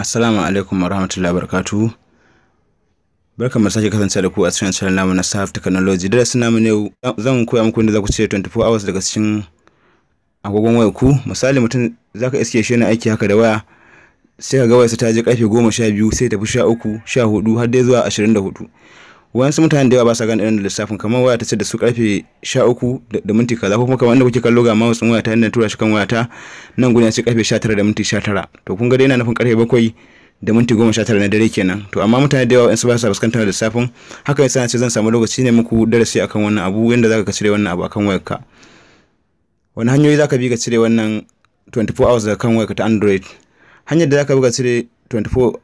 Assalamu alaikum warahmatullahi wabarakatuh. mu sake kasance da ku a cikin channel namu na Saf Technology. Darasin namu ne zan koya muku inda za ku ce 24 hours daga cikin agogon wayar ku. Misali mutum zaka iske shi yana aiki haka da waya sai ka ga wayarsa ta je karfe 12 sai ta fi 13, 14 har dai zuwa 24. wayansu mutanen da yawa ba sa gane irin lissafin kamar waya ta ce da su karfe 13 da minti kaza ko kuma kamar wanda kuke kallo ga wasu waya ta nan tura shi kan waya ta nan gudu sai ce karfe 19 da minti 19 to kun ga dai yana nufin karfe 7 da minti 19 na dare kenan to amma mutane da yawa wayansu ba sa fuskantar lissafin haka yasa na ce zan samu lokaci ne muku darasi akan wannan abu yanda zaka ka cire wannan abu akan wayarka wani hanyoyi zaka bi ka cire wannan 24 hours daga kan wayarka ta Android hanyar da zaka bi ka cire 24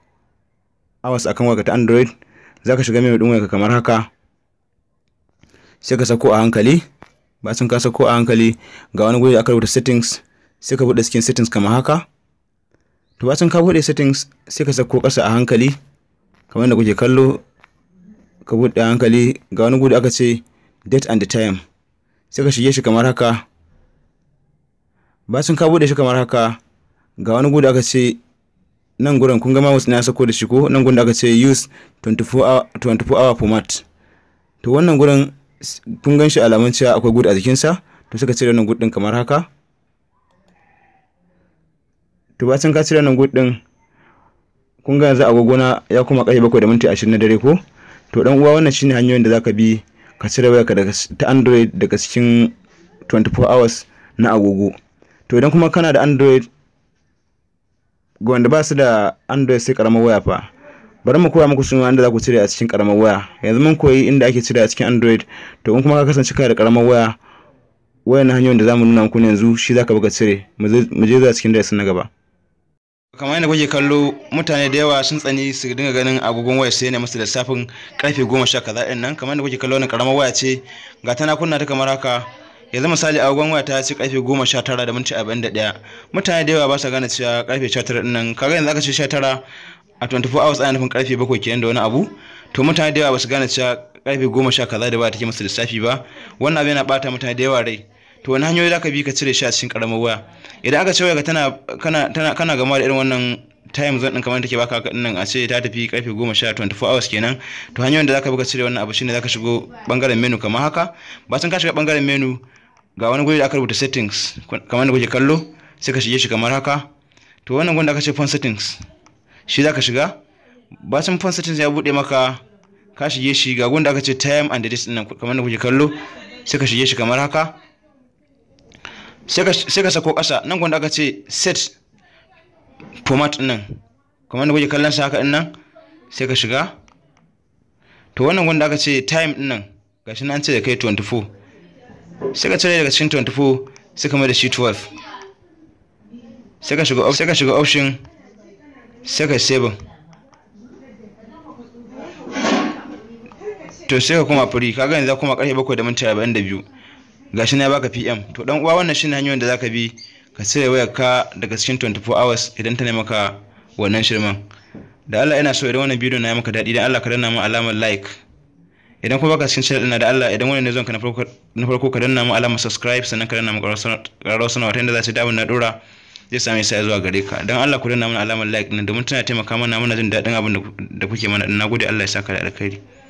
hours akan wayarka ta Android za ka shiga mai ɗin wayarka kamar haka sai ka sako a hankali ba sun ka sako a hankali ga wani guri da aka rubuta settings sai ka buɗe cikin settings kamar haka to ba sun ka buɗe settings sai ka sako ƙasa a hankali kamar da kuke kallo ka buɗe a hankali ga wani guri aka ce date and the time sai ka shige shi kamar haka Ba sun ka buɗe shi kamar haka ga wani guri aka ce nan gurin kun gama wasu na sako da shi ko nan gurin da aka ce use 24 hour, 24 hour format to wannan gurin kun gan shi alamun cewa akwai good a jikinsa to suka cire wannan good din kamar haka to bacin ka cire wannan good din kun ga yanzu agogona ya kuma ƙarfe bakwai da minti ashirin na dare ko to dan uwa wannan shine hanyoyin da zaka bi ka cire wayarka daga ta android daga cikin 24 hours na agogo to idan kuma kana da android ga wanda ba su da android sai karamar waya fa bari mu koya muku shi wanda za ku cire a cikin karamar waya yanzu mun koyi inda ake cire a cikin android to in kuma ka kasance kana da karamar waya na hanyoyin da zamu nuna muku yanzu shi zaka buga cire mu je za cikin darasin na gaba kamar yadda kuke kallo mutane da yawa sun tsani su dinga ganin agogon waya sai ne musu da safin karfe goma sha kaza ɗin nan kamar yadda kuke kallo wannan karamar waya ce ga tana kunna ta kamar haka yanzu misali agogon waya ta ci karfe goma sha tara da minti arba'in da ɗaya mutane da yawa ba sa gane cewa karfe sha tara ɗin kaga yanzu aka ce sha tara a 24 hours ana nufin karfe bakwai kenan da wani abu to mutane da yawa ba su gane cewa karfe goma sha kaza da ba take musu lissafi ba wannan abu yana bata mutane da yawa rai to wani hanyoyi za ka bi ka cire shi a cikin karamar waya idan aka ce waya tana kana kana gama da irin wannan time zone din kamar take baka haka dinnan a ce ta tafi karfe 10 24 hours kenan to hanyoyin da zaka bi ka cire wannan abu shine zaka shigo bangaren menu kamar haka bacin ka shiga bangaren menu ga wani guri da aka rubuta settings kamar da kuke kallo sai ka shige shi kamar haka to wannan gurin da aka ce phone settings shi zaka shiga bacin phone settings ya bude maka ka shige shi ga gurin da aka ce time and date dinnan kamar da kuke kallo sai ka shige shi kamar haka sai ka sako kasa nan gurin da aka ce set format ɗin nan kamar da kuke kallon sa haka ɗin nan sai ka shiga to wannan wanda aka ce time ɗin nan gashi nan an ce da kai 24 sai ka cire daga cikin 24 sai ka mai da shi 12 sai ka shiga sai ka shiga option sai ka save to sai ka koma free kaga yanzu kuma karfe 7:42 da minti gashi na baka pm to dan uwa wannan shine hanyoyin da zaka bi ka cire wayar ka daga cikin 24 hours idan ta nema ka wannan shirman da Allah ina so idan wannan bidiyo na yi maka daɗi idan Allah ka danna mu alamar like idan kuma baka cikin channel ɗin da Allah idan wannan ne zon ka na farko ka danna mu alamar subscribe sannan ka danna mu ƙararrawar sanarwa ta inda za su damu na ɗora zai sami sai zuwa gare ka don Allah ku danna mu alamar like din domin tana taimaka mana muna jin daɗin abin da kuke mana na gode Allah ya saka da alkhairi